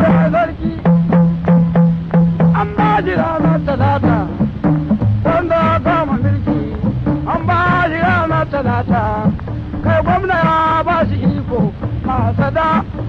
kura sarki an ba ta ranar talata kama mulki an ba shi ranar talata kai gwamna ya ba shi iko masada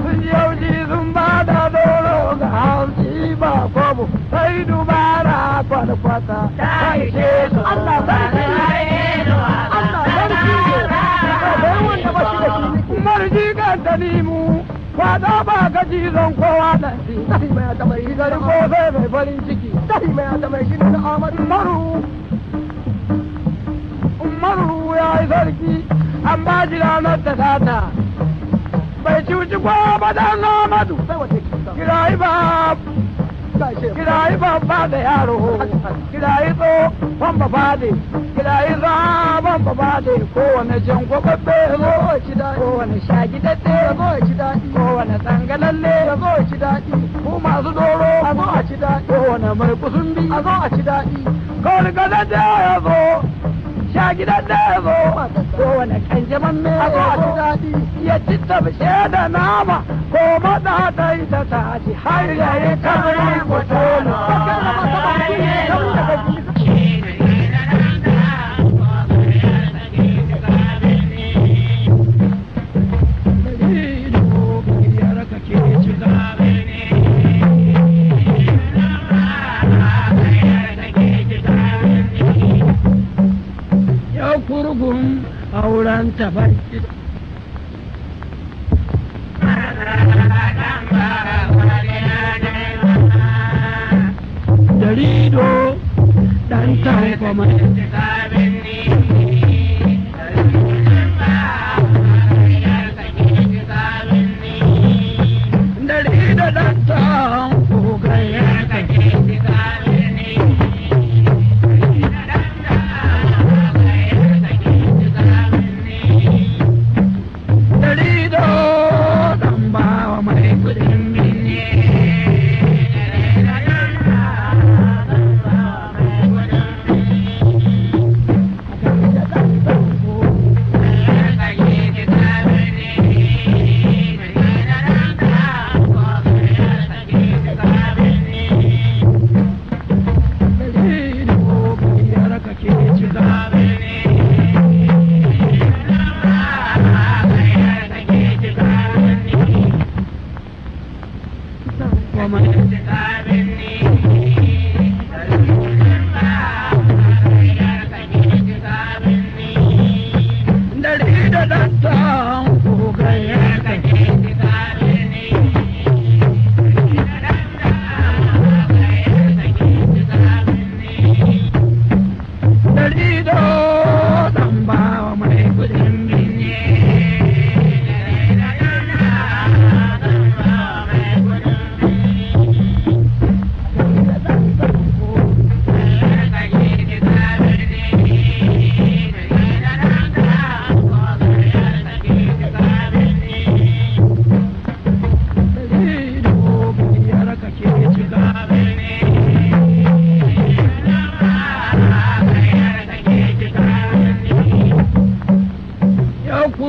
sun ji yauji sun ba da doro ga hausi ba kobo sai dubara kwalkwata ta ishe su Allah sarki Allah sarki ne ba wanda ba shi da shi kuma rijikan ta nemo Wada ba ga zan kowa da shi, tahi mai a tamar gidar bai mai farin ciki, tahi mai ta mai tamar gidan amadu Maru. Umaru ya yi sarki, an ba shi ranar ta sata. Bai cuci kowa ba dan Ahmadu. Kira kirayi babba da yaro kirayi tso ban ba bade kirayi za ban ba bade kowane jan gwagwabbe ya daɗi kowane shagidadde ya zo ci daɗi kowane tsangalalle ya zo daɗi ku masu doro a zo a ci daɗi kowane mai kusumbi ya zo sha gidan lebo kowane kanjaman a ji daɗi ya ci tabshe da nama ko maɗa ta yi ta tashi har yayi kamar yi gun auren ta baki Darido, dan tanko mai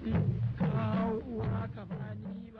faɗi kawo uwa ka ni ba